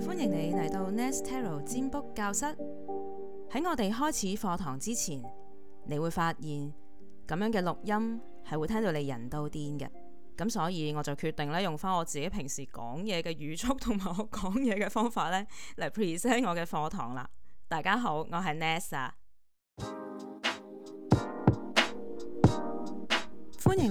歡迎你嚟到 Nesta Tarot 占卜教室。喺我哋開始課堂之前，你會發現咁樣嘅錄音係會聽到你人到癲嘅。咁所以我就決定咧用返我自己平時講嘢嘅語速同埋我講嘢嘅方法咧嚟 present 我嘅課堂啦。大家好，我係 Nesta、啊。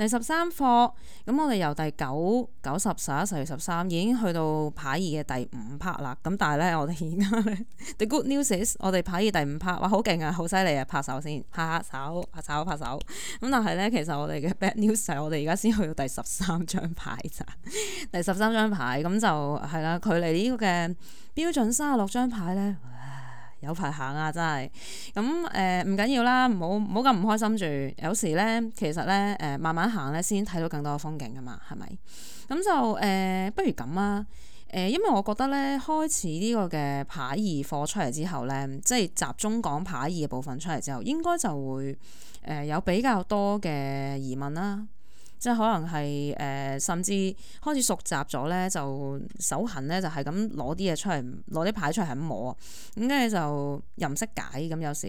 第十三課咁，我哋由第九、九十、十一、十二、十三已經去到牌二嘅第五拍啦。咁但係呢，我哋而家咧，the good news 我哋牌二第五拍哇，好勁啊，好犀利啊，拍手先，拍下手，拍手拍手。咁但係呢，其實我哋嘅 bad news 係我哋而家先去到第十三張牌咋？第十三張牌咁就係啦，距離呢個嘅標準三十六張牌呢。有排行啊，真係咁誒唔緊要啦，唔好唔好咁唔開心住。有時呢，其實呢，誒、呃、慢慢行呢，先睇到更多嘅風景㗎嘛，係咪？咁就誒、呃、不如咁啊誒、呃，因為我覺得呢，開始呢個嘅牌二貨出嚟之後呢，即係集中講牌二嘅部分出嚟之後，應該就會誒、呃、有比較多嘅疑問啦。即係可能係誒、呃，甚至開始熟習咗咧，就手痕咧就係咁攞啲嘢出嚟，攞啲牌出嚟係咁摸啊！咁跟住就又唔識解咁有時，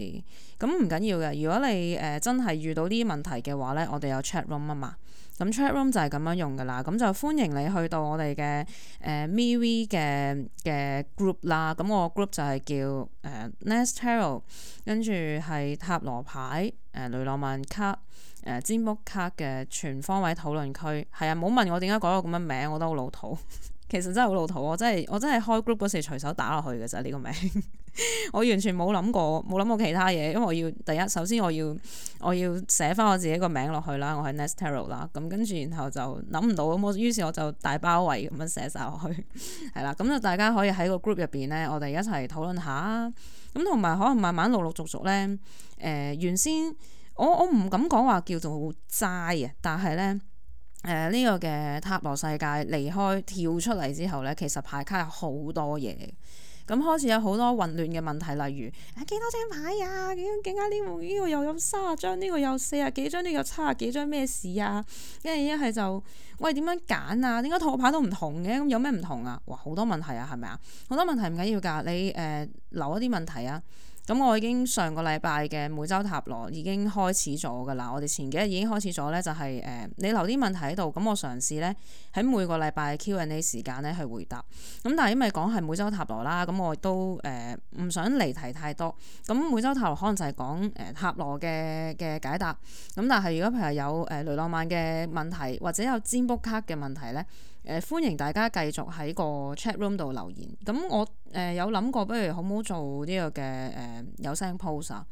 咁唔緊要嘅。如果你誒、呃、真係遇到啲問題嘅話咧，我哋有 chat room 啊嘛。咁 chat room 就係咁樣用噶啦。咁就歡迎你去到我哋嘅誒 MiV 嘅嘅 group 啦。咁我個 group 就係叫誒、呃、Nestaro 跟住係塔羅牌誒、呃、雷諾曼卡。誒，占卜、呃、卡嘅全方位討論區，係啊，冇問我點解改個咁樣名，我都好老土。其實真係好老土，我真係我真係開 group 嗰時隨手打落去嘅啫，呢、這個名。 我完全冇諗過，冇諗過其他嘢，因為我要第一，首先我要我要寫翻我自己個名落去啦，我係 Nestero 啦、啊。咁跟住，然後就諗唔到咁，我於是我就大包圍咁樣寫晒落去，係 啦、啊。咁、嗯、就大家可以喺個 group 入邊咧，我哋一齊討論下啊。咁同埋可能慢慢陸陸續續咧，誒、呃，原先。我我唔敢講話叫做齋啊，但係咧，誒、呃、呢、這個嘅塔羅世界離開跳出嚟之後咧，其實牌卡有好多嘢，咁開始有好多混亂嘅問題，例如、啊、幾多張牌啊？點點解呢個呢個又有三十張，呢個有四啊幾張，呢個七啊幾張咩事啊？一係一係就喂點樣揀啊？點解套牌都唔同嘅？咁有咩唔同啊？哇，好多問題啊，係咪啊？好多問題唔緊要噶，你誒、呃、留一啲問題啊。咁我已經上個禮拜嘅每周塔羅已經開始咗噶啦。我哋前幾日已經開始咗呢，就係、是、誒、呃，你留啲問題喺度，咁我嘗試呢，喺每個禮拜 Q&A 時間呢去回答。咁但係因為講係每周塔羅啦，咁我都誒唔、呃、想離題太多。咁每周塔羅可能就係講誒塔羅嘅嘅解答。咁但係如果譬如有誒雷諾曼嘅問題，或者有占卜卡嘅問題呢，誒歡迎大家繼續喺個 chat room 度留言。咁我誒、呃、有諗過，不如好唔好做呢個嘅誒、呃、有聲 post r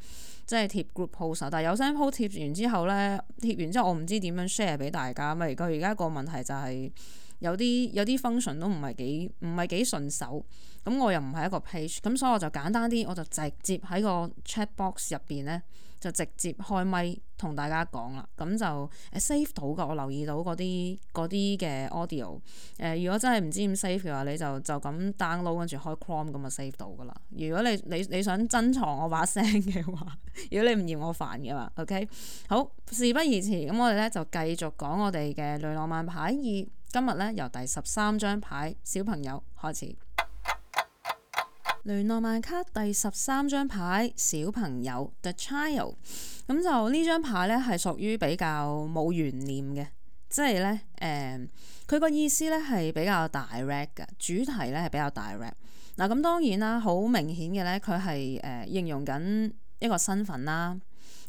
即係貼 group post e r 但係有聲 post 貼完之後咧，貼完之後我唔知點樣 share 俾大家咪。佢而家個問題就係、是。有啲有啲 function 都唔係幾唔係幾順手，咁我又唔係一個 page，咁所以我就簡單啲，我就直接喺個 chat box 入邊呢，就直接開咪同大家講啦。咁就、欸、save 到噶，我留意到嗰啲嗰啲嘅 audio、呃。誒，如果真係唔知點 save 嘅話，你就就咁 download 跟住開 Chrome 咁就 save 到噶啦。如果你你你想珍藏我把聲嘅話， 如果你唔嫌我煩嘅話，OK 好事不宜遲，咁我哋呢就繼續講我哋嘅《雷浪漫牌今日咧由第十三張牌小朋友開始，雷諾曼卡第十三張牌小朋友 The Child，咁就呢張牌咧係屬於比較冇懸念嘅，即係咧，誒、嗯，佢個意思咧係比較大 rap 嘅，主題咧係比較大 rap。嗱，咁當然啦，好明顯嘅咧，佢係誒形容緊一個身份啦。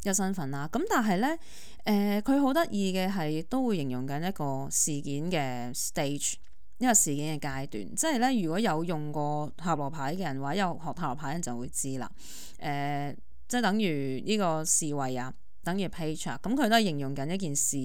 一身份啦，咁但係咧，誒佢好得意嘅係都會形容緊一個事件嘅 stage，一個事件嘅階段，即係咧如果有用過塔羅牌嘅人話，或者有學塔羅牌人就會知啦，誒、呃、即係等於呢個侍衛啊，等於 page 啊、嗯，咁佢都係形容緊一件事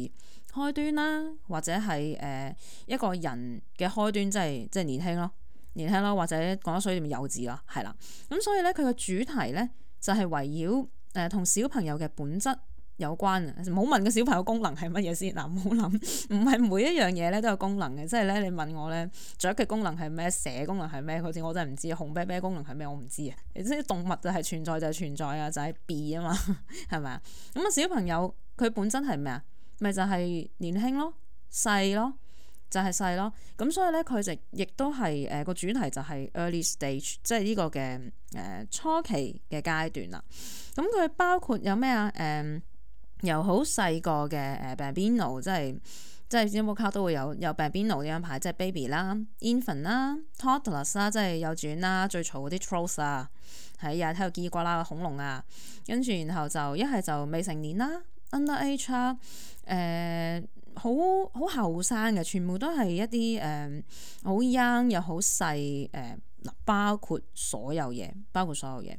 開端啦，或者係誒、呃、一個人嘅開端，即係即係年輕咯，年輕咯，或者講得衰啲咪幼稚咯，係啦，咁、嗯、所以咧佢嘅主題咧就係圍繞。誒，同、呃、小朋友嘅本質有關啊！唔好問個小朋友功能係乜嘢先，嗱，唔好諗，唔係每一樣嘢咧都有功能嘅，即係咧你問我咧，雀嘅功能係咩？蛇功能係咩？好似我真係唔知，紅啤啤功能係咩？我唔知啊！你知動物就係存在就係存在啊，就係、是、B 啊嘛，係咪啊？咁啊，小朋友佢本質係咩啊？咪就係、是、年輕咯，細咯。就係細咯，咁所以咧佢就亦都係誒個主題就係 early stage，即係呢個嘅誒初期嘅階段啦。咁佢包括有咩、嗯、啊？誒，由好細個嘅誒 bambino，即係即係音樂卡都會有有 bambino 呢一牌即係 baby 啦、infant 啦、toddler 啦，即係幼稚園啦，最嘈嗰啲 trolls 啊，喺日睇到度嘰呱啦嘅恐龍啊，跟住然後就一係就未成年啦、under age 啦，誒、呃。好好後生嘅，全部都係一啲誒好 young 又好細誒嗱，包括所有嘢，包括所有嘢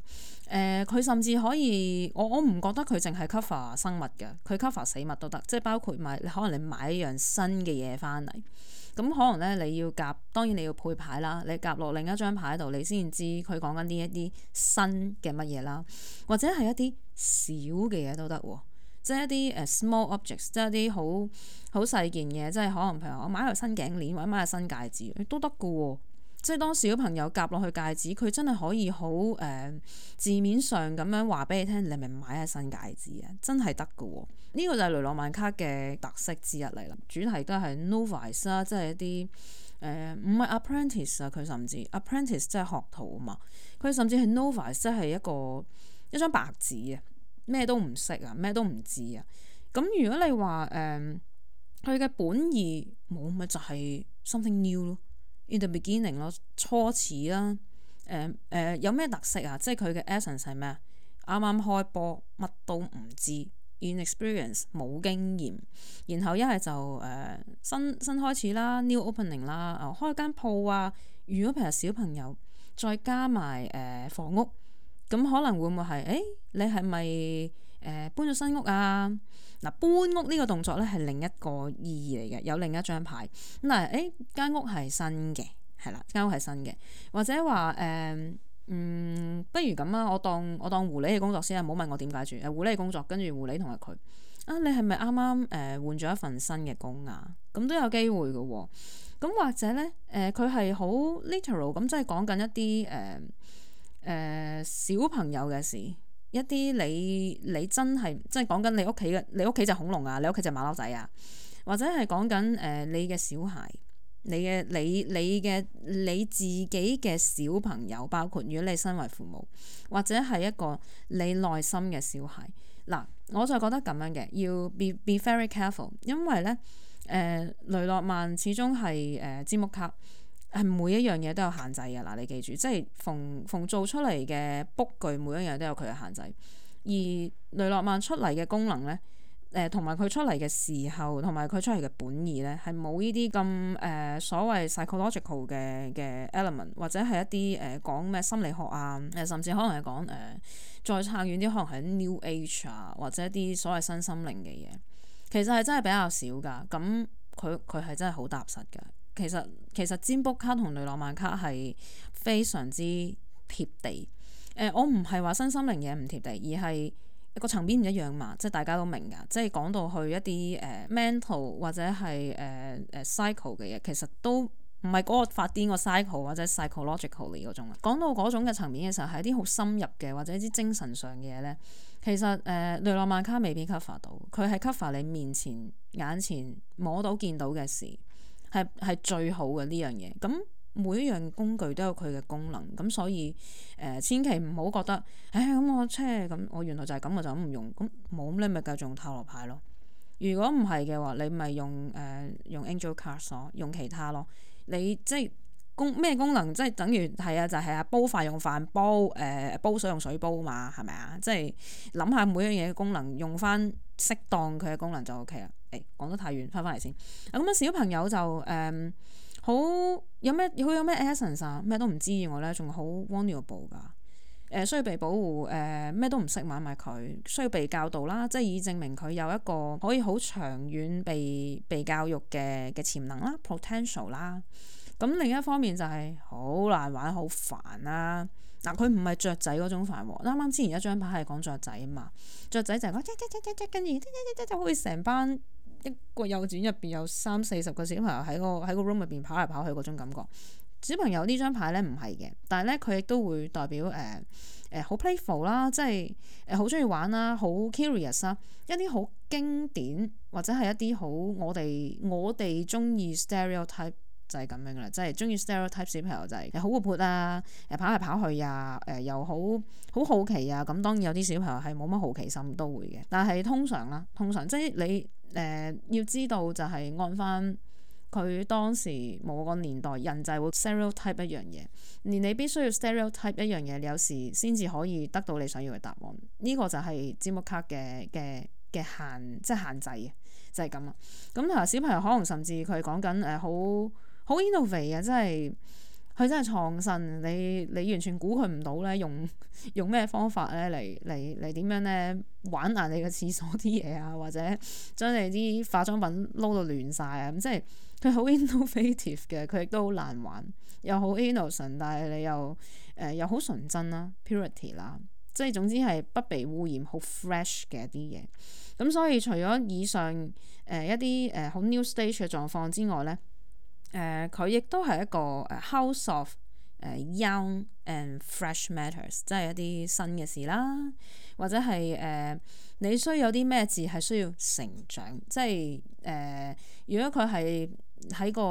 誒，佢、呃、甚至可以我我唔覺得佢淨係 cover 生物嘅，佢 cover 死物都得，即係包括買你可能你買一樣新嘅嘢翻嚟，咁可能咧你要夾，當然你要配牌啦，你夾落另一張牌度，你先知佢講緊呢一啲新嘅乜嘢啦，或者係一啲小嘅嘢都得喎。即係一啲誒 small objects，即係一啲好好細件嘢，即係可能譬如我買條新頸鍊，或者買個新戒指，都得㗎喎。即係當時小朋友夾落去戒指，佢真係可以好誒、呃、字面上咁樣話俾你聽，你係咪買下新戒指啊？真係得㗎喎。呢、這個就係雷諾曼卡嘅特色之一嚟啦。主題都係 novice 啦，即係一啲誒唔係 apprentice 啊，佢甚至 apprentice 即係學徒啊嘛，佢甚至係 novice，即係一個一張白紙啊。咩都唔識啊，咩都唔知啊。咁如果你話誒，佢、呃、嘅本意冇咪就係 something new 咯，in the beginning 咯，初始啦。誒、呃、誒、呃，有咩特色啊？即係佢嘅 essence 係咩？啱啱開播，乜都唔知，inexperience 冇經驗。然後一係就誒、呃、新新開始啦，new opening 啦，開間鋪啊。如果譬如小朋友，再加埋誒、呃、房屋。咁可能會唔會係，誒、欸，你係咪誒搬咗新屋啊？嗱，搬屋呢個動作咧係另一個意義嚟嘅，有另一張牌，但係誒、欸，間屋係新嘅，係啦，間屋係新嘅，或者話誒、呃，嗯，不如咁啊，我當我當狐狸嘅工作先啊，唔好問我點解住誒狐狸嘅工作，跟住、呃、狐狸同埋佢啊，你係咪啱啱誒換咗一份新嘅工啊？咁都有機會嘅喎、啊。咁或者咧誒，佢係好 literal 咁，liter al, 即係講緊一啲誒。呃誒、呃、小朋友嘅事，一啲你你真係，即係講緊你屋企嘅，你屋企隻恐龍啊，你屋企隻馬騮仔啊，或者係講緊誒你嘅小孩，你嘅你你嘅你自己嘅小朋友，包括如果你身為父母，或者係一個你內心嘅小孩，嗱，我就覺得咁樣嘅，要 be be very careful，因為咧誒、呃、雷諾曼始終係誒資木卡。係每一樣嘢都有限制嘅。嗱，你記住，即係逢逢做出嚟嘅 book 具，每一樣都有佢嘅限制。而雷諾曼出嚟嘅功能咧，誒同埋佢出嚟嘅時候，同埋佢出嚟嘅本意咧，係冇呢啲咁誒所謂 psychological 嘅嘅 element，或者係一啲誒講咩心理學啊，誒甚至可能係講誒再撐遠啲，可能係 New Age 啊，或者一啲所謂新心靈嘅嘢，其實係真係比較少噶。咁佢佢係真係好踏實噶。其實其實占卜卡同雷諾曼卡係非常之貼地。誒、呃，我唔係話身心靈嘢唔貼地，而係一個層面唔一樣嘛。即係大家都明㗎，即係講到去一啲誒、呃、mental 或者係誒誒 psycho 嘅嘢，其實都唔係嗰個發癲、嗰個 psycho 或者 psychological 嗰種。講到嗰種嘅層面嘅時候，係一啲好深入嘅或者一啲精神上嘅嘢咧，其實誒、呃、雷諾曼卡未必 cover 到，佢係 cover 你面前眼前摸到見到嘅事。係係最好嘅呢樣嘢，咁每一樣工具都有佢嘅功能，咁所以誒、呃、千祈唔好覺得，唉、哎、咁我即係咁，我原來就係咁，我就咁唔用，咁冇你咪繼續用塔羅牌咯。如果唔係嘅話，你咪用誒、呃、用 Angel Card 鎖，用其他咯。你即係。公咩功能即係等於係啊，就係啊，煲飯用飯煲，誒煲水用水煲嘛，係咪啊？即係諗下每樣嘢嘅功能，用翻適當佢嘅功能就 OK 啦。誒講得太遠，翻返嚟先咁啊，小朋友就誒、嗯、好，好有咩好有咩 essence 啊？咩都唔知嘅我咧，仲好 vulnerable 噶誒，需要被保護誒，咩、呃、都唔識，買埋佢需要被教導啦，即係以證明佢有一個可以好長遠被被教育嘅嘅潛能啦，potential 啦、啊。咁另一方面就係好難玩，好煩啦、啊。嗱，佢唔係雀仔嗰種煩喎、啊。啱啱之前一張牌係講雀仔啊嘛，雀仔就係講啫啫啫啫啫，跟住啫啫啫啫，就好似成班一個幼稚園入邊有三四十個小朋友喺個喺個 room 入邊跑嚟跑去嗰種感覺。小朋友呢張牌咧唔係嘅，但係咧佢亦都會代表誒誒好 playful 啦，即係誒好中意玩啦，好 curious 啦，一啲好經典或者係一啲好我哋我哋中意 stereotype。就係咁樣啦，即係中意 stereotype 小朋友就係好活潑啊，誒跑嚟跑去啊，誒、呃、又好好好奇啊。咁當然有啲小朋友係冇乜好奇心都會嘅，但係通常啦，通常即係你誒、呃、要知道就係按翻佢當時某個年代，人就會 stereotype 一樣嘢，而你必須要 stereotype 一樣嘢，你有時先至可以得到你想要嘅答案。呢、這個就係詹姆卡嘅嘅嘅限即係限制，就係咁啊。咁同埋小朋友可能甚至佢講緊誒好。呃好 innovative 啊！真係佢真係創新，你你完全估佢唔到咧。用用咩方法咧嚟嚟嚟點樣咧玩爛你嘅廁所啲嘢啊，或者將你啲化妝品撈到亂晒啊！咁即係佢好 innovative 嘅，佢亦都好難玩，又好 innovation，但係你又誒、呃、又好純真啦，purity 啦，即係總之係不被污染，好 fresh 嘅啲嘢。咁所以除咗以上誒、呃、一啲誒好 new stage 嘅狀況之外咧。誒，佢、呃、亦都係一個誒 house of young and fresh matters，即係一啲新嘅事啦，或者係誒、呃、你需要有啲咩字係需要成長，即係誒、呃、如果佢係喺個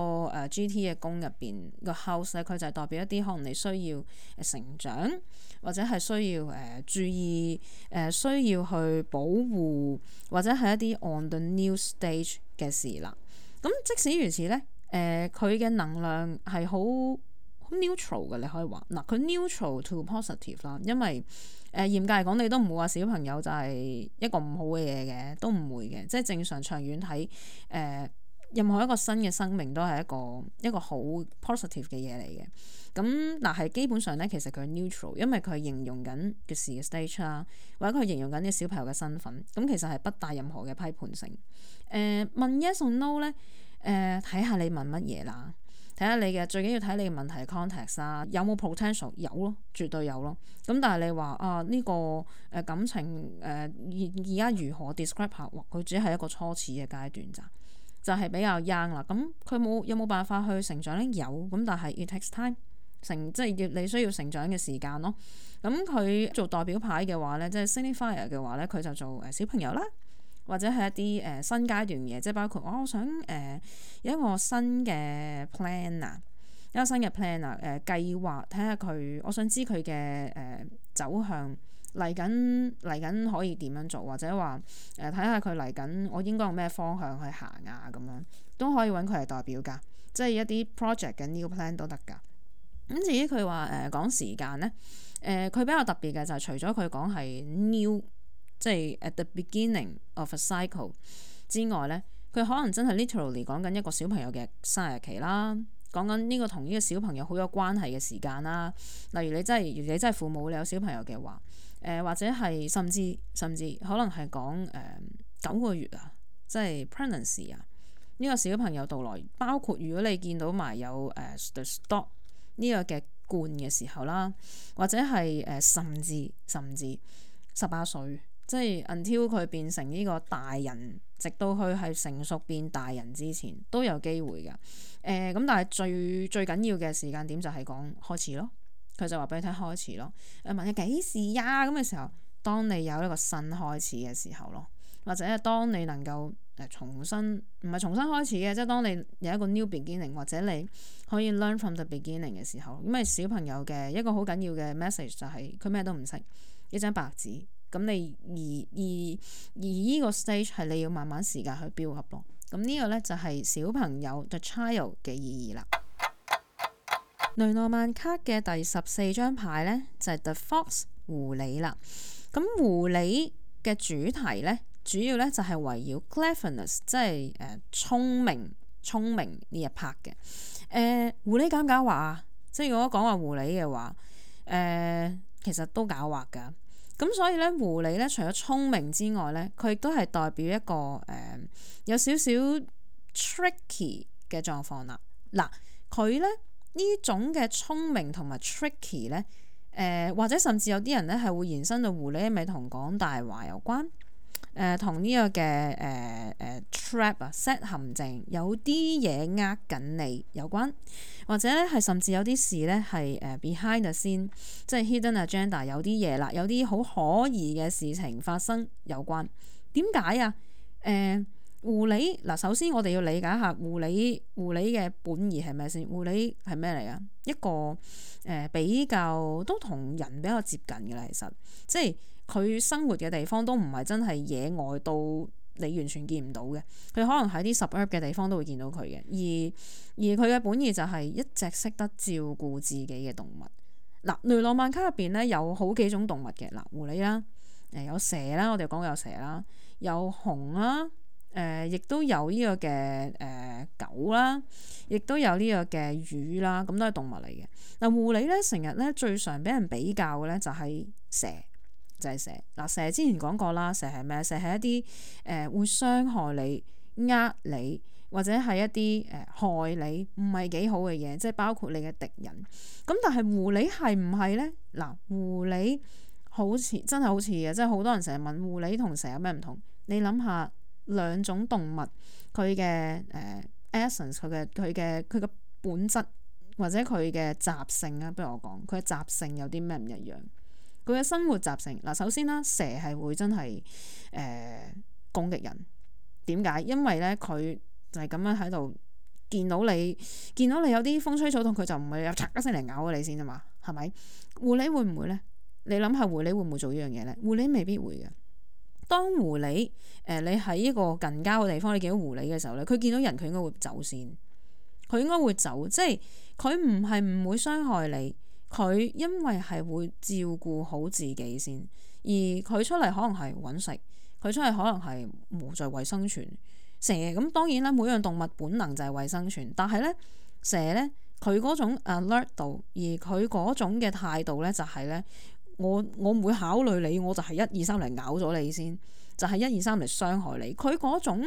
誒 GT 嘅宮入邊個 house 咧，佢就係代表一啲可能你需要誒成長，或者係需要誒、呃、注意誒、呃、需要去保護，或者係一啲 on the new stage 嘅事啦。咁即使如此咧。誒，佢嘅能量係好好 neutral 嘅，你可以話嗱，佢、呃、neutral to positive 啦，因為誒、呃、嚴格嚟講，你都唔會話小朋友就係一個唔好嘅嘢嘅，都唔會嘅，即係正常長遠睇誒、呃，任何一個新嘅生命都係一個一個好 positive 嘅嘢嚟嘅。咁但係基本上咧，其實佢係 neutral，因為佢係形容緊嘅事嘅 stage 啦，或者佢係形容緊啲小朋友嘅身份，咁其實係不帶任何嘅批判性。誒、呃、問 yes or no 咧？誒睇下你問乜嘢啦，睇下你嘅最緊要睇你問題 context 啊，有冇 potential？有咯，絕對有咯。咁但係你話啊呢、這個誒感情誒而而家如何 describe 下？佢、呃、只係一個初始嘅階段咋，就係、是、比較 young 啦。咁佢冇有冇辦法去成長咧？有，咁但係 it takes time，成即係要你需要成長嘅時間咯。咁、嗯、佢做代表牌嘅話咧，即係 signifier 嘅話咧，佢就做誒小朋友啦。或者係一啲誒、呃、新階段嘢，即係包括、哦、我想誒有一個新嘅 plan 啊，一個新嘅 plan 啊、er, 誒、呃、計劃，睇下佢，我想知佢嘅誒走向嚟緊嚟緊可以點樣做，或者話誒睇下佢嚟緊我應該用咩方向去行啊咁樣，都可以揾佢嚟代表㗎，即係一啲 project 緊呢個 plan 都得㗎。咁至於佢話誒講時間咧，誒、呃、佢比較特別嘅就係除咗佢講係 new。即係 at the beginning of a cycle 之外咧，佢可能真係 literally 講緊一個小朋友嘅生日期啦，講緊呢個同呢個小朋友好有關係嘅時間啦。例如你真係，你真係父母，你有小朋友嘅話，誒、呃、或者係甚至甚至可能係講誒九個月啊，即係 pregnancy 啊呢、呢個小朋友到來，包括如果你見到埋有誒、呃、the stock 呢個嘅罐嘅時候啦，或者係誒、呃、甚至甚至十八歲。即係 until 佢變成呢個大人，直到佢係成熟變大人之前都有機會㗎。誒、呃、咁，但係最最緊要嘅時間點就係講開始咯。佢就話俾你聽開始咯。問你幾時呀、啊？咁嘅時候，當你有一個新開始嘅時候咯，或者係當你能夠誒重新唔係重新開始嘅，即係當你有一個 new beginning，或者你可以 learn from the beginning 嘅時候。咁咪小朋友嘅一個好緊要嘅 message 就係佢咩都唔識，一張白紙。咁你而而而呢個 stage 係你要慢慢時間去 build up 咯。咁呢個呢，就係小朋友 the child 嘅意義啦。 雷諾曼卡嘅第十四張牌呢，就係、是、the fox 狐狸啦。咁狐狸嘅主題呢，主要呢就係圍繞 cleverness，即係誒、呃、聰明聰明呢一 part 嘅。誒、呃、狐狸狡唔狡猾啊？即係如果講話狐狸嘅話，誒、呃、其實都狡猾噶。咁所以咧，狐狸咧，除咗聰明之外咧，佢亦都係代表一個誒、呃、有少少 tricky 嘅狀況啦。嗱，佢咧呢種嘅聰明同埋 tricky 咧、呃，誒或者甚至有啲人咧係會延伸到狐狸係咪同講大話有關？誒同呢個嘅誒誒 trap 啊 set 陷阱，有啲嘢呃緊你有關，或者咧係甚至有啲事咧係誒 behind 先，即係 hidden agenda 有啲嘢啦，有啲好可疑嘅事情發生有關。點解啊？誒、呃、狐狸嗱，首先我哋要理解下狐狸，狐狸嘅本意係咩先？狐狸係咩嚟啊？一個誒、呃、比較都同人比較接近嘅啦，其實即係。佢生活嘅地方都唔係真係野外到你完全見唔到嘅。佢可能喺啲十 u 嘅地方都會見到佢嘅。而而佢嘅本意就係一隻識得照顧自己嘅動物嗱、啊。雷諾曼卡入邊咧有好幾種動物嘅嗱、啊，狐狸啦，誒、呃、有蛇啦，我哋講有蛇啦，有熊啦，誒、呃、亦都有呢個嘅誒、呃、狗啦，亦都有呢個嘅魚啦，咁都係動物嚟嘅嗱。狐狸咧成日咧最常俾人比較嘅咧就係蛇。就係蛇嗱，蛇之前講過啦，蛇係咩？蛇係一啲誒、呃、會傷害你、呃你或者係一啲誒、呃、害你唔係幾好嘅嘢，即係包括你嘅敵人。咁但係狐狸係唔係咧？嗱、呃，狐狸好似真係好似嘅，即係好多人成日問狐狸同蛇有咩唔同。你諗下兩種動物佢嘅誒 essence，佢嘅佢嘅佢嘅本質或者佢嘅習性啊，不如我講佢嘅習性有啲咩唔一樣？佢嘅生活習性嗱，首先啦，蛇係會真係誒、呃、攻擊人，點解？因為咧，佢就係咁樣喺度見到你，見到你有啲風吹草動，佢就唔係有嚓一聲嚟咬你先啫嘛，係咪？狐狸會唔會咧？你諗下，狐狸會唔會做呢樣嘢咧？狐狸未必會嘅。當狐狸誒、呃，你喺一個近郊嘅地方，你見到狐狸嘅時候咧，佢見到人，佢應該會先走先，佢應該會走，即係佢唔係唔會傷害你。佢因為係會照顧好自己先，而佢出嚟可能係揾食，佢出嚟可能係冇罪為生存。蛇咁當然咧，每樣動物本能就係為生存，但係咧，蛇呢，佢嗰種 alert 度，而佢嗰種嘅態度呢，就係呢：「我我唔會考慮你，我就係一二三嚟咬咗你先。」就係一二三嚟傷害你，佢嗰種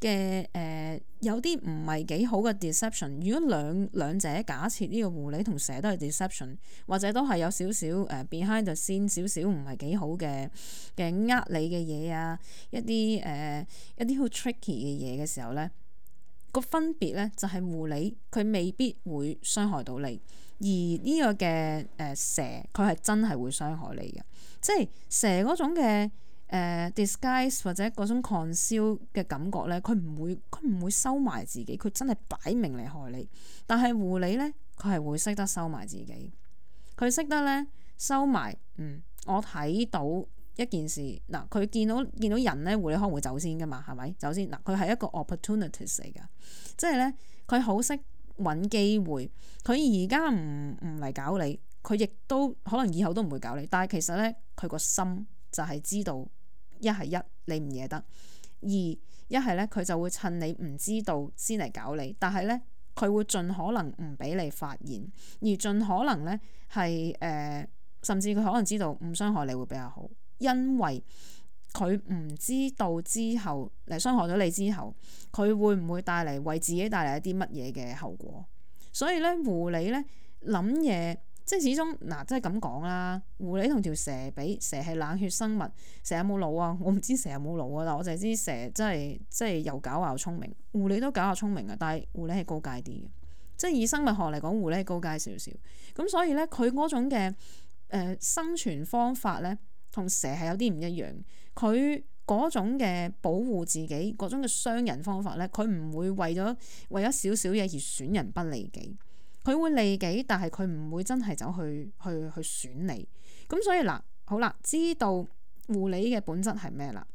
嘅誒、呃、有啲唔係幾好嘅 deception。如果兩兩者假設呢個狐狸同蛇都係 deception，或者都係有少少誒 behind the scene 少少唔係幾好嘅嘅呃你嘅嘢啊，一啲誒、呃、一啲好 tricky 嘅嘢嘅時候咧，個分別咧就係狐狸佢未必會傷害到你，而呢個嘅誒、呃、蛇佢係真係會傷害你嘅，即係蛇嗰種嘅。誒、uh, disguise 或者嗰種狂笑嘅感覺咧，佢唔會佢唔會收埋自己，佢真係擺明嚟害你。但係狐狸咧，佢係會識得收埋自己，佢識得咧收埋。嗯，我睇到一件事嗱，佢見到見到人咧，狐狸可能會先走,走先噶嘛？係咪走先嗱？佢係一個 opportunity 嚟噶，即係咧佢好識揾機會。佢而家唔唔嚟搞你，佢亦都可能以後都唔會搞你。但係其實咧，佢個心就係知道。一係一，你唔惹得；二一係咧，佢就會趁你唔知道先嚟搞你，但係咧，佢會盡可能唔俾你發現，而盡可能咧係誒，甚至佢可能知道唔傷害你會比較好，因為佢唔知道之後嚟傷害咗你之後，佢會唔會帶嚟為自己帶嚟一啲乜嘢嘅後果？所以咧，狐狸咧諗嘢。即係始終嗱、啊，即係咁講啦。狐狸同條蛇比，蛇係冷血生物，蛇有冇腦啊？我唔知蛇有冇腦啊，但我淨係知蛇真係真係又狡猾又聰明。狐狸都狡猾聰明啊，但係狐狸係高階啲嘅。即係以生物學嚟講，狐狸係高階少少。咁所以咧，佢嗰種嘅誒、呃、生存方法咧，同蛇係有啲唔一樣。佢嗰種嘅保護自己、嗰種嘅傷人方法咧，佢唔會為咗為咗少少嘢而損人不利己。佢會利己，但係佢唔會真係走去去去損你。咁所以嗱，好啦，知道狐狸嘅本質係咩啦？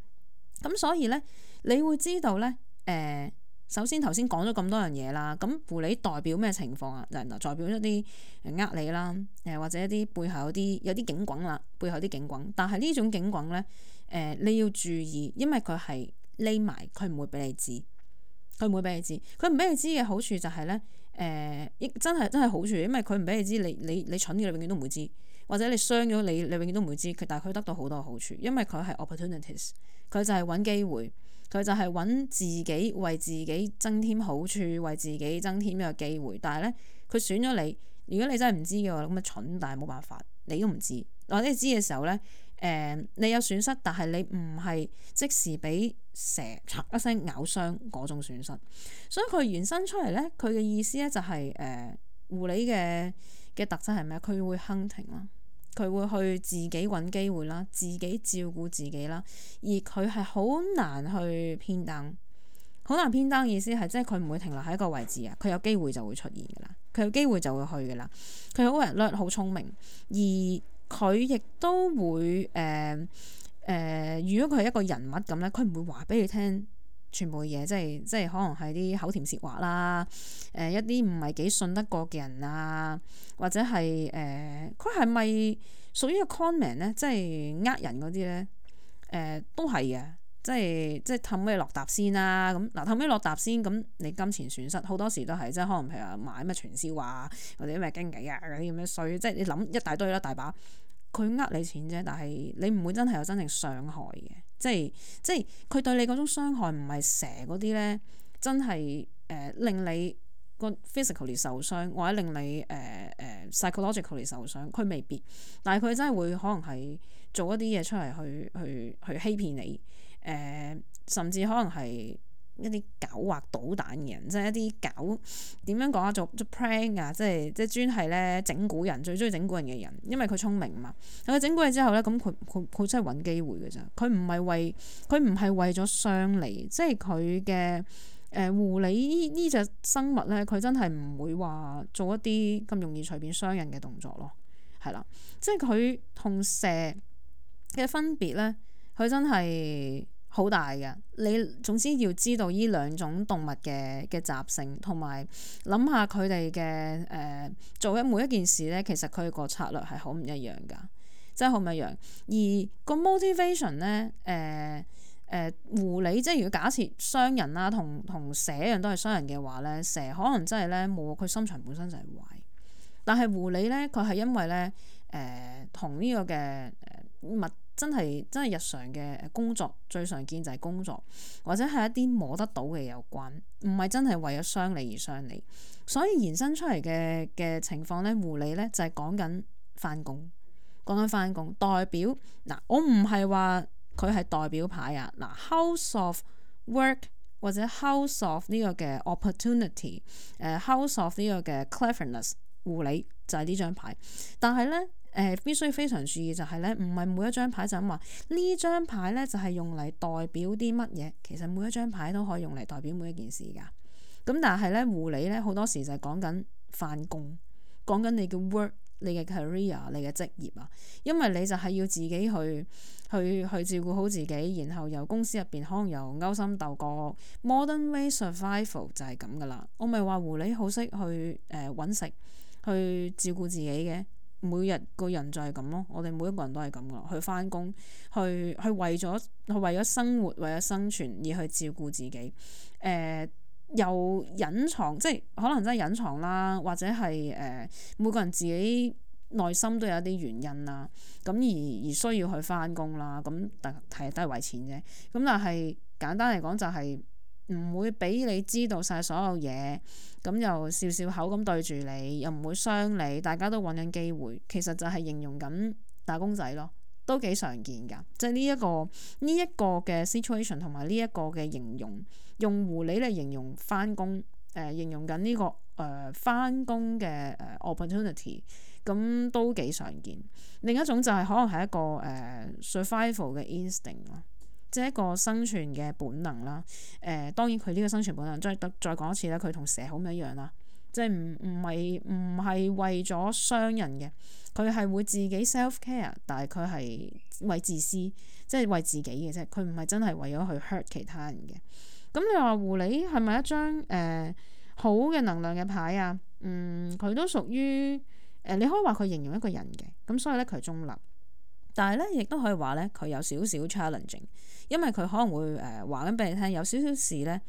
咁所以咧，你會知道咧，誒、呃，首先頭先講咗咁多樣嘢啦。咁狐狸代表咩情況啊？人啊，代表一啲呃你啦，誒或者一啲背後有啲有啲警滾啦，背後啲警滾。但係呢種警滾咧，誒、呃、你要注意，因為佢係匿埋，佢唔會俾你知，佢唔會俾你知。佢唔俾你知嘅好處就係、是、咧。誒、呃，真係真係好處，因為佢唔俾你知你，你你你蠢嘅，你永遠都唔會知，或者你傷咗你，你永遠都唔會知。佢大概得到好多好處，因為佢係 opportunities，佢就係搵機會，佢就係搵自己為自己增添好處，為自己增添一個機會。但係咧，佢選咗你，如果你真係唔知嘅話，咁啊蠢，但係冇辦法，你都唔知。或者你知嘅時候咧。誒、嗯，你有損失，但係你唔係即時俾蛇嚓一聲咬傷嗰種損失，所以佢延伸出嚟咧，佢嘅意思咧就係、是、誒、呃，狐狸嘅嘅特質係咩？佢會 hunting 啦，佢會去自己揾機會啦，自己照顧自己啦，而佢係好難去 pin down，好難 pin down 意思係即係佢唔會停留喺一個位置啊，佢有機會就會出現嘅啦，佢有機會就會去嘅啦，佢好聰明，而佢亦都會誒誒，如果佢係一個人物咁咧，佢唔會話俾你聽全部嘢，即係即係可能係啲口甜舌滑啦，誒一啲唔係幾信得過嘅人啊，或者係誒佢係咪屬於個 conman 咧，即係呃人嗰啲咧？誒都係嘅，即係即係後尾落沓先啦。咁嗱，氹咩落沓先咁，你金錢損失好多時都係即係可能譬如話買咩傳銷啊，或者咩經紀啊嗰啲咁樣衰，即係你諗一大堆啦，大把。佢呃你錢啫，但係你唔會真係有真正傷害嘅，即係即係佢對你嗰種傷害唔係成嗰啲咧，真係誒、呃、令你個、呃呃、physically 受傷，或者令你誒誒 psychologically 受傷，佢未必，但係佢真係會可能係做一啲嘢出嚟去去去欺騙你，誒、呃、甚至可能係。一啲狡猾搗蛋嘅人，即係一啲搞點樣講啊，做做 prank 啊，即係即係專係咧整蠱人，最中意整蠱人嘅人，因為佢聰明嘛。佢整蠱人之後咧，咁佢佢佢真係揾機會嘅啫。佢唔係為佢唔係為咗傷你，即係佢嘅誒狐狸呢呢隻生物咧，佢真係唔會話做一啲咁容易隨便傷人嘅動作咯。係啦，即係佢同蛇嘅分別咧，佢真係。好大嘅，你總之要知道呢兩種動物嘅嘅習性，同埋諗下佢哋嘅誒做緊每一件事咧，其實佢個策略係好唔一樣噶，真係好唔一樣。而個 motivation 咧，誒、呃、誒、呃、狐狸，即係如果假設商人啦，同同蛇一樣都係商人嘅話咧，蛇可能真係咧冇佢心腸本身就係壞，但係狐狸咧，佢係因為咧誒同呢、呃、個嘅誒物。真係真係日常嘅工作最常見就係工作，或者係一啲摸得到嘅有關，唔係真係為咗傷你而傷你。所以延伸出嚟嘅嘅情況呢，護理呢就係講緊翻工，講緊翻工代表嗱，我唔係話佢係代表牌啊，嗱 house of work 或者 house of 呢個嘅 opportunity，誒、呃、house of 呢個嘅 cleverness。狐狸就係呢張牌，但係咧，誒、呃，必須非常注意就係咧，唔係每一張牌就咁話呢張牌咧就係用嚟代表啲乜嘢。其實每一張牌都可以用嚟代表每一件事噶。咁但係咧，狐狸咧好多時就係講緊翻工，講緊你嘅 work，你嘅 career，你嘅職業啊，因為你就係要自己去去去照顧好自己，然後由公司入邊可能又勾心鬥角，Modern way survival 就係咁噶啦。我咪話狐狸好識去誒搵，呃、食。去照顧自己嘅，每日個人就係咁咯。我哋每一個人都係咁嘅，去翻工，去去為咗去為咗生活、為咗生存而去照顧自己。誒、呃，有隱藏，即係可能真係隱藏啦，或者係誒、呃、每個人自己內心都有一啲原因啦。咁而而需要去翻工啦。咁但係都係為錢啫。咁但係簡單嚟講就係、是。唔會俾你知道晒所有嘢，咁又笑笑口咁對住你，又唔會傷你，大家都揾緊機會，其實就係形容緊打工仔咯，都幾常見㗎。即係呢一個呢一、呢個嘅 situation 同埋呢一個嘅形容，用狐狸嚟形容翻工，誒、呃，形容緊呢、呢個誒翻工嘅 opportunity，咁、嗯、都幾常見。另一種就係、係、可能係一個誒、呃、survival 嘅 instinct 咯。即係一個生存嘅本能啦，誒、呃、當然佢呢個生存本能，再再講一次啦，佢同蛇好唔一樣啦，即係唔唔係唔係為咗傷人嘅，佢係會自己 self care，但係佢係為自私，即係為自己嘅啫，佢唔係真係為咗去 hurt 其他人嘅。咁你話狐狸係咪一張誒、呃、好嘅能量嘅牌啊？嗯，佢都屬於誒、呃，你可以話佢形容一個人嘅，咁所以咧佢係中立。但係咧，亦都可以話咧，佢有少少 challenging，因為佢可能會誒話緊俾你聽，有少少事咧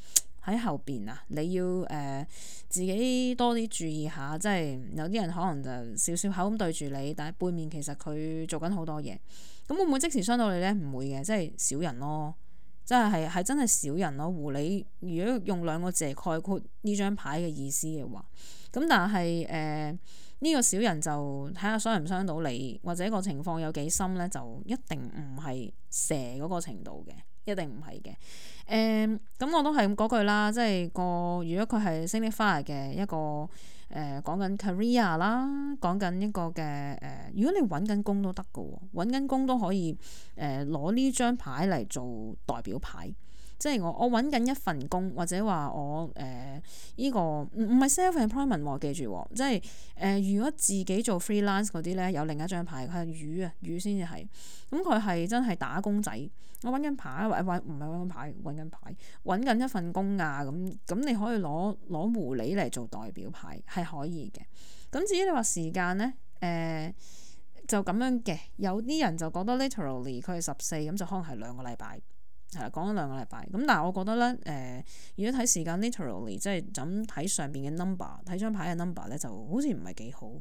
喺後邊啊，你要誒、呃、自己多啲注意下，即係有啲人可能就少少口咁對住你，但係背面其實佢做緊好多嘢，咁會唔會即時傷到你咧？唔會嘅，即係小人咯，即係係係真係小人咯。狐狸如果用兩個字嚟概括呢張牌嘅意思嘅話，咁但係誒。呃呢個小人就睇下傷唔傷到你，或者個情況有幾深呢，就一定唔係蛇嗰個程度嘅，一定唔係嘅。誒、嗯，咁我都係咁嗰句啦，即係個如果佢係 Signifier 嘅一個誒，講、呃、緊 career 啦，講緊一個嘅誒、呃，如果你揾緊工都得㗎喎，揾緊工都可以誒攞呢張牌嚟做代表牌。即係我我揾緊一份工，或者話我誒依、呃呢個唔唔係 self employment 喎，employ ment，記住喎。即係誒、呃，如果自己做 freelance 嗰啲呢，有另一張牌，佢係魚啊，魚先至係咁。佢係真係打工仔。我揾緊牌，或揾唔係揾緊牌，揾緊牌揾緊一份工啊！咁、呃、咁你可以攞攞狐狸嚟做代表牌，係可以嘅。咁至於你話時間呢，誒、呃、就咁樣嘅。有啲人就覺得 literally 佢係十四咁，就可能係兩個禮拜。係啦，講咗兩個禮拜，咁但係我覺得咧，誒、呃，如果睇時間 literally，即係就咁睇上邊嘅 number，睇張牌嘅 number 咧，就好似唔係幾好，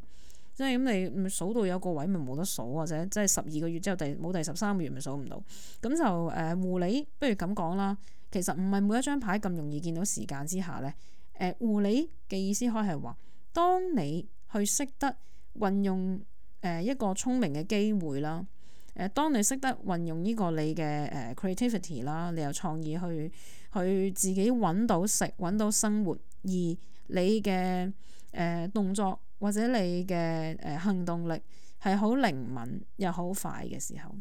即係咁你數到有個位咪冇得數，或者即係十二個月之後第冇第十三個月咪數唔到，咁就誒、呃、護理，不如咁講啦，其實唔係每一張牌咁容易見到時間之下咧，誒、呃、護理嘅意思可能係話，當你去識得運用誒一個聰明嘅機會啦。誒，當你識得運用呢個你嘅誒 creativity 啦，你有創意去去自己搵到食，搵到生活，而你嘅誒、呃、動作或者你嘅誒、呃、行動力係好靈敏又好快嘅時候，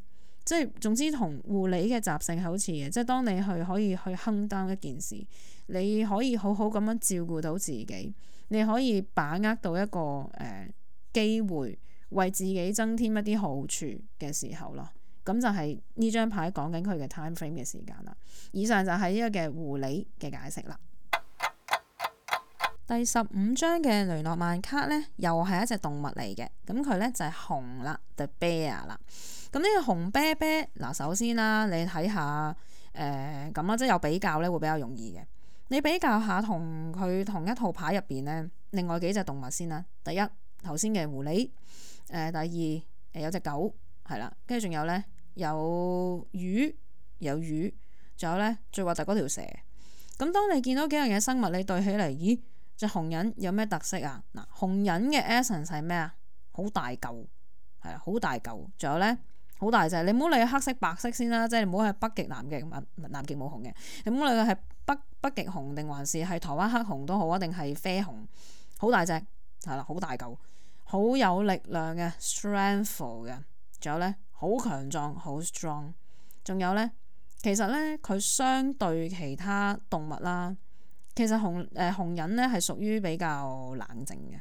即係總之同狐狸嘅習性好似嘅，即係當你去可以去 handling 一件事，你可以好好咁樣照顧到自己，你可以把握到一個誒、呃、機會。為自己增添一啲好處嘅時候咯，咁就係呢張牌講緊佢嘅 time frame 嘅時間啦。以上就係呢個嘅狐狸嘅解釋啦。第十五張嘅雷諾曼卡呢，又係一隻動物嚟嘅，咁佢呢，就係熊啦，the bear 啦。咁、這、呢個熊啤啤嗱，首先啦，你睇下誒咁啦，即係有比較呢，會比較容易嘅。你比較下同佢同一套牌入邊呢，另外幾隻動物先啦。第一頭先嘅狐狸。誒第二誒有隻狗係啦，跟住仲有咧有魚有魚，仲有咧最核突嗰條蛇。咁當你見到幾樣嘢生物，你對起嚟，咦？隻熊有咩特色啊？嗱，熊嘅 essence 係咩啊？好大嚿，係啊，好大嚿。仲有咧，好大隻。你唔好理佢黑色白色先啦，即係你唔好係北極南極南極冇熊嘅，你唔好理佢係北北極熊定還是係台灣黑熊都好啊，定係啡熊，好大隻，係啦，好大嚿。好有力量嘅 strengthful 嘅，仲有咧好強壯，好 strong。仲有咧，其實咧佢相對其他動物啦，其實熊誒熊引熊人咧係屬於比較冷靜嘅。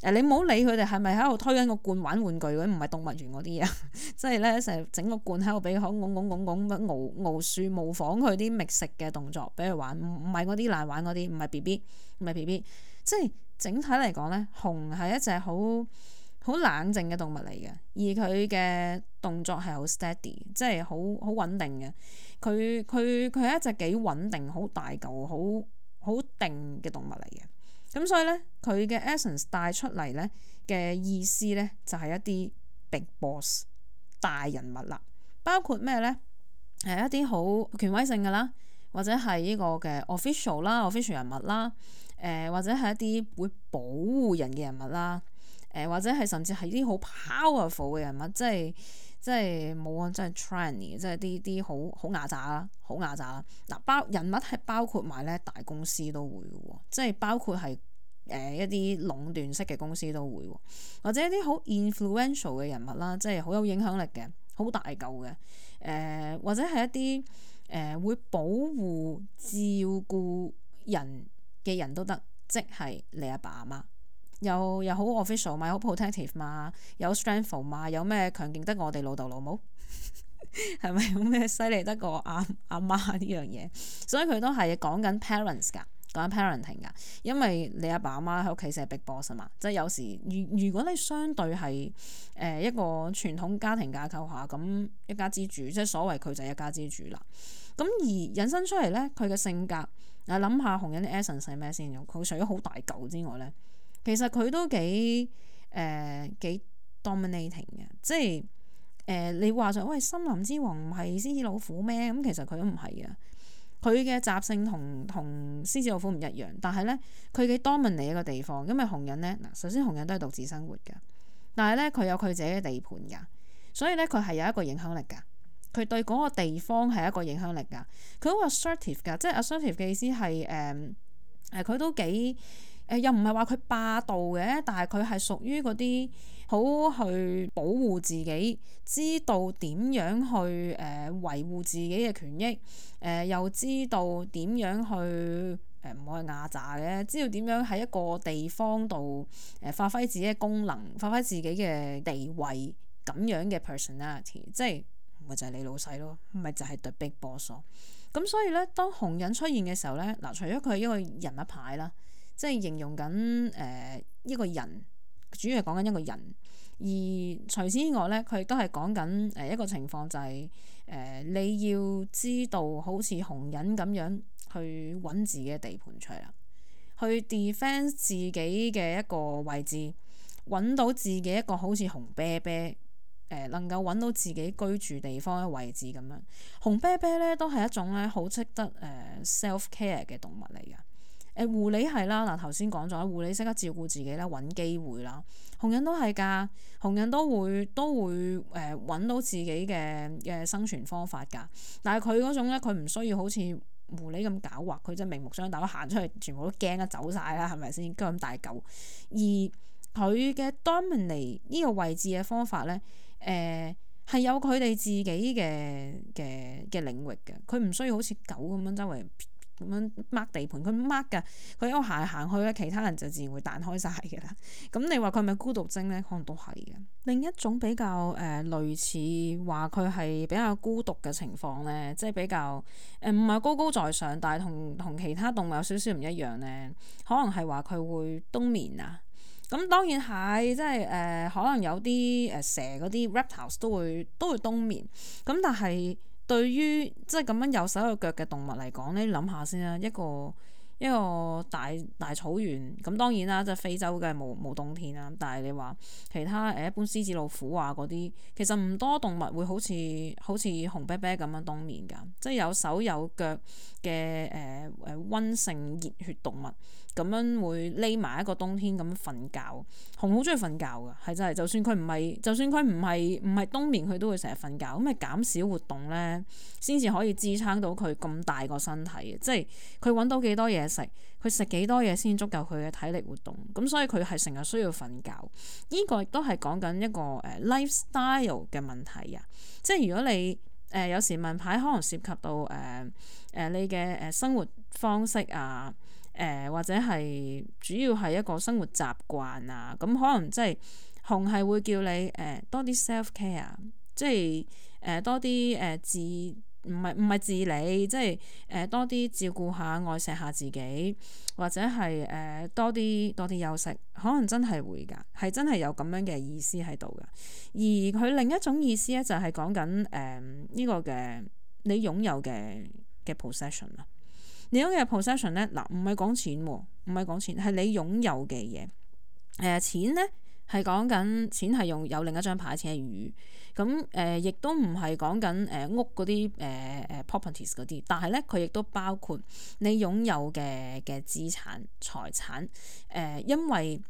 誒你唔好理佢哋係咪喺度推緊個罐玩玩具嗰啲，唔係動物園嗰啲啊，即係咧成日整個罐喺度俾佢拱拱拱拱，敖敖樹模仿佢啲覓食嘅動作俾佢玩，唔唔係嗰啲難玩嗰啲，唔係 B B，唔係 B B，即係。整體嚟講咧，熊係一隻好好冷靜嘅動物嚟嘅，而佢嘅動作係好 steady，即係好好穩定嘅。佢佢佢係一隻幾穩定、好大嚿、好好定嘅動物嚟嘅。咁所以咧，佢嘅 essence 帶出嚟咧嘅意思咧，就係一啲 big boss 大人物啦，包括咩咧？係一啲好權威性㗎啦。或者係呢個嘅 official 啦，official 人物啦，誒、呃、或者係一啲會保護人嘅人物啦，誒、呃、或者係甚至係啲好 powerful 嘅人物，即係即係冇啊，即係 tranny，即係啲啲好好壓榨啦，好壓榨啦。嗱包人物係包括埋咧，大公司都會喎，即係包括係誒、呃、一啲壟斷式嘅公司都會喎，或者一啲好 influential 嘅人物啦，即係好有影響力嘅，好大嚿嘅，誒、呃、或者係一啲。誒、呃、會保護照顧人嘅人都得，即係你阿爸阿媽，又又好 official 嘛，好 protective 嘛，有 strengthful 嘛，有咩強勁得我哋老豆老母，係咪？ 有咩犀利得過阿阿、啊啊、媽呢樣嘢。所以佢都係講緊 parents 㗎。講緊 parenting 㗎，因為你阿爸阿媽喺屋企成 Big Boss 啊嘛，即係有時如如果你相對係誒、呃、一個傳統家庭架構下，咁一家之主，即係所謂佢就係一家之主啦。咁而引申出嚟咧，佢嘅性格，啊諗下紅人嘅 Essence 係咩先？佢除咗好大嚿之外咧，其實佢都幾誒幾、呃、dominating 嘅，即係誒、呃、你話就喂森林之王唔係獅子老虎咩？咁其實佢都唔係嘅。佢嘅習性同同獅子老虎唔一樣，但係咧佢嘅多 o m 一個地方，因為紅人咧嗱，首先紅人都係獨自生活嘅，但係咧佢有佢自己嘅地盤㗎，所以咧佢係有一個影響力㗎，佢對嗰個地方係一個影響力㗎，佢好 assertive 㗎，即係 assertive 嘅意思係誒誒佢都幾誒、呃、又唔係話佢霸道嘅，但係佢係屬於嗰啲。好去保護自己，知道點樣去誒、呃、維護自己嘅權益，誒、呃、又知道點樣去誒唔好去壓榨嘅，知道點樣喺一個地方度誒發揮自己嘅功能，發揮自己嘅地位，咁樣嘅 personality，即係咪就係你老細咯？咪就係 the big boss 咯。咁所以咧，當紅人出現嘅時候咧，嗱，除咗佢係一個人物牌啦，即係形容緊誒一個人。主要係講緊一個人，而除此之外咧，佢亦都係講緊誒一個情況，就係、是、誒、呃、你要知道好似紅人咁樣去揾自己嘅地盤出嚟喇，去 defend 自己嘅一個位置，揾到自己一個好似紅啤啤誒、呃、能夠揾到自己居住地方嘅位置咁樣。紅啤啤咧都係一種咧好識得誒 self care 嘅動物嚟㗎。誒狐狸係啦，嗱頭先講咗，狐狸識得照顧自己啦，揾機會啦，熊人都係㗎，熊人都會都會誒揾到自己嘅嘅生存方法㗎。但係佢嗰種咧，佢唔需要好似狐狸咁狡猾，佢真係明目張膽，行出去，全部都驚啊，走晒啦，係咪先咁大狗？而佢嘅 Dominion 呢個位置嘅方法咧，誒、呃、係有佢哋自己嘅嘅嘅領域嘅，佢唔需要好似狗咁樣周圍。咁樣掹地盤，佢掹㗎，佢喺度行行去咧，其他人就自然會彈開晒嘅啦。咁你話佢係咪孤獨精咧？可能都係嘅。另一種比較誒、呃、類似話佢係比較孤獨嘅情況咧，即係比較誒唔係高高在上，但係同同其他動物有少少唔一樣咧。可能係話佢會冬眠啊。咁當然係，即係誒、呃、可能有啲誒蛇嗰啲 reptiles 都會都會冬眠。咁但係。對於即係咁樣有手有腳嘅動物嚟講咧，你諗下先啦，一個一個大大草原咁當然啦，即係非洲嘅冇冇冬天啦。但係你話其他誒一般獅子、老虎啊嗰啲，其實唔多動物會好似好似熊啤啤咁樣冬眠㗎，即係有手有腳嘅誒誒溫性熱血動物。咁樣會匿埋一個冬天咁瞓覺，熊好中意瞓覺㗎，係真係。就算佢唔係，就算佢唔係唔係冬眠，佢都會成日瞓覺。咁咪減少活動咧，先至可以支撐到佢咁大個身體嘅。即係佢揾到幾多嘢食，佢食幾多嘢先足夠佢嘅體力活動。咁所以佢係成日需要瞓覺。呢個亦都係講緊一個誒 lifestyle 嘅問題啊。即係如果你誒有時問牌，可能涉及到誒誒你嘅誒生活方式啊。誒、呃、或者係主要係一個生活習慣啊，咁、嗯、可能即係熊係會叫你誒、呃、多啲 self care，即係誒、呃、多啲誒自，唔係唔係自理，即係誒、呃、多啲照顧下、愛惜下自己，或者係誒、呃、多啲多啲休息，可能真係會㗎，係真係有咁樣嘅意思喺度噶。而佢另一種意思咧就係講緊誒呢個嘅你擁有嘅嘅 possession 啊。你屋企嘅 possession 咧、啊，嗱唔係講錢喎，唔係講錢，係你擁有嘅嘢。誒、呃、錢咧係講緊錢係用有另一張牌，錢係魚。咁誒亦都唔係講緊誒屋嗰啲誒誒 properties 嗰啲，但係咧佢亦都包括你擁有嘅嘅資產財產。誒、呃、因為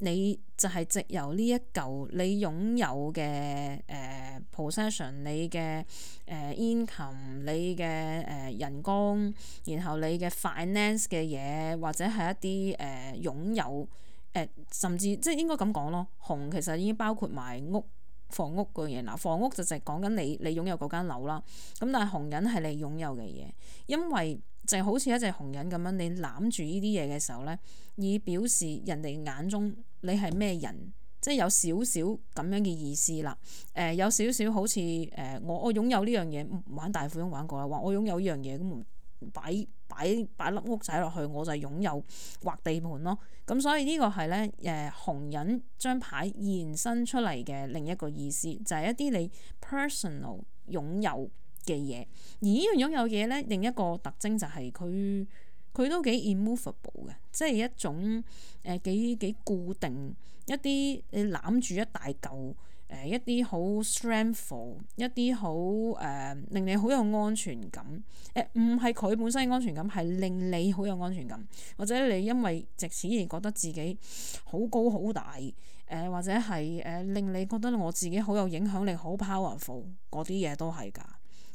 你就係藉由呢一嚿你擁有嘅誒、呃、possession，你嘅誒 income，呃、come，你嘅誒、呃、人工，然後你嘅 finance 嘅嘢，或者係一啲誒、呃、擁有誒、呃，甚至即係應該咁講咯，紅其實已經包括埋屋、房屋嘅嘢嗱，房屋就淨係講緊你你擁有嗰間樓啦，咁但係紅人係你擁有嘅嘢，因為。就好似一隻紅人咁樣，你攬住呢啲嘢嘅時候呢，以表示人哋眼中你係咩人，即係有少少咁樣嘅意思啦。誒、呃，有少少好似誒，我、呃、我擁有呢樣嘢，玩大富翁玩過啦，話我擁有呢樣嘢咁，擺擺擺粒屋仔落去，我就係擁有畫地盤咯。咁、嗯、所以呢個係呢誒紅人張牌延伸出嚟嘅另一個意思，就係、是、一啲你 personal 擁有。.嘅嘢，而呢樣樣有嘢呢，另一個特徵就係佢佢都幾 immovable 嘅，即係一種誒幾幾固定，一啲你攬住一大嚿誒、呃、一啲好 strengful 一啲好誒令你好有安全感誒，唔係佢本身嘅安全感，係令你好有安全感，或者你因為藉此而覺得自己好高好大誒、呃，或者係誒、呃、令你覺得我自己好有影響力、好 powerful 嗰啲嘢都係㗎。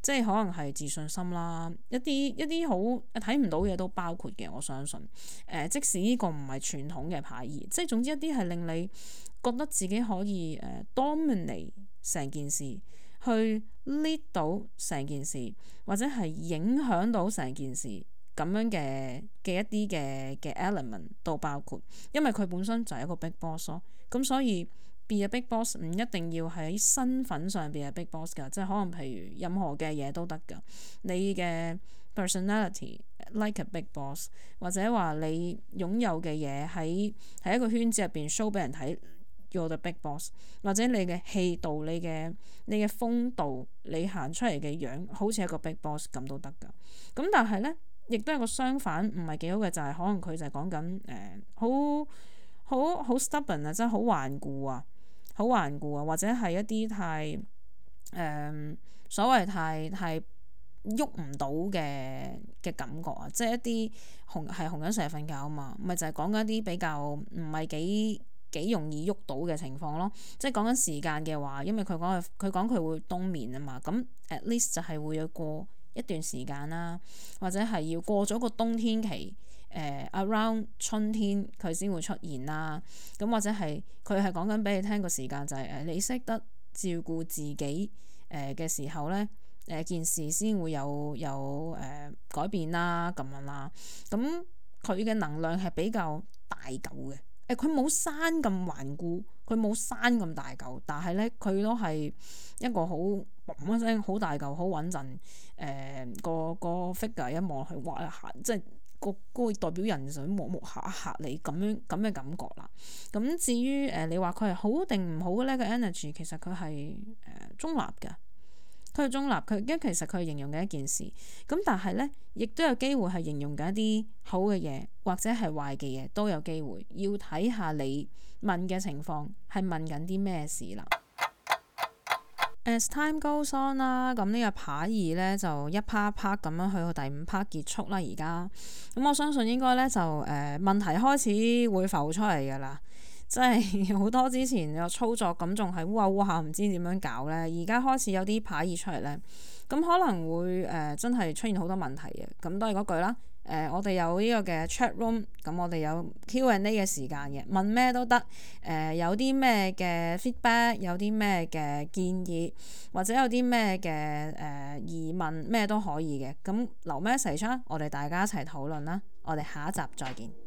即係可能係自信心啦，一啲一啲好睇唔到嘢都包括嘅，我相信。誒、呃，即使呢個唔係傳統嘅牌意，即係總之一啲係令你覺得自己可以誒、呃、dominate 成件事，去 lead 到成件事，或者係影響到成件事咁樣嘅嘅一啲嘅嘅 element 都包括，因為佢本身就係一個 big boss，咁所以。Be a big boss 唔一定要喺身份上邊係 big boss 㗎，即係可能譬如任何嘅嘢都得㗎。你嘅 personality like a big boss，或者話你擁有嘅嘢喺喺一個圈子入邊 show 俾人睇，you're the big boss。或者你嘅氣度、你嘅你嘅風度、你行出嚟嘅樣，好似一個 big boss 咁都得㗎。咁但係咧，亦都係個相反，唔係幾好嘅就係、是、可能佢就係講緊誒好好好 stubborn 啊，真係好頑固啊。好頑固啊，或者係一啲太誒、呃、所謂太太喐唔到嘅嘅感覺啊，即係一啲熊係熊緊成日瞓覺啊嘛，咪就係講緊一啲比較唔係幾幾容易喐到嘅情況咯。即係講緊時間嘅話，因為佢講佢佢講佢會冬眠啊嘛，咁 at least 就係會要過一段時間啦，或者係要過咗個冬天期。誒、uh, around 春天佢先會出現啦，咁或者係佢係講緊俾你聽個時間就係、是、誒你識得照顧自己誒嘅時候咧，誒件事先會有有誒、嗯、改變啦咁樣啦。咁佢嘅能量係比較大嚿嘅，誒佢冇山咁頑固，佢冇山咁大嚿，但係咧佢都係一個好嘣一聲，好大嚿，好穩陣誒、呃那個個 figure 一望落去，哇！即係、really,～個代表人想摸摸吓吓你咁樣，咁嘅感覺啦。咁至於誒，你話佢係好定唔好嘅呢？個 energy 其實佢係誒中立㗎，佢係中立，佢因為其實佢係形容嘅一件事，咁但係咧亦都有機會係形容緊一啲好嘅嘢，或者係壞嘅嘢都有機會，要睇下你問嘅情況係問緊啲咩事啦。As time goes on 啦，咁呢個牌二咧就一趴趴咁樣去到第五趴結束啦。而家，咁我相信應該咧就誒、呃、問題開始會浮出嚟噶啦，即係好多之前有操作咁仲係烏下烏下唔知點樣搞咧，而家開始有啲牌二出嚟咧，咁可能會誒、呃、真係出現好多問題嘅。咁都係嗰句啦。誒、呃，我哋有呢個嘅 chat room，咁我哋有 Q and A 嘅時間嘅，問咩都得。誒、呃，有啲咩嘅 feedback，有啲咩嘅建議，或者有啲咩嘅誒疑問，咩都可以嘅。咁留 message 啦，我哋大家一齊討論啦。我哋下一集再見。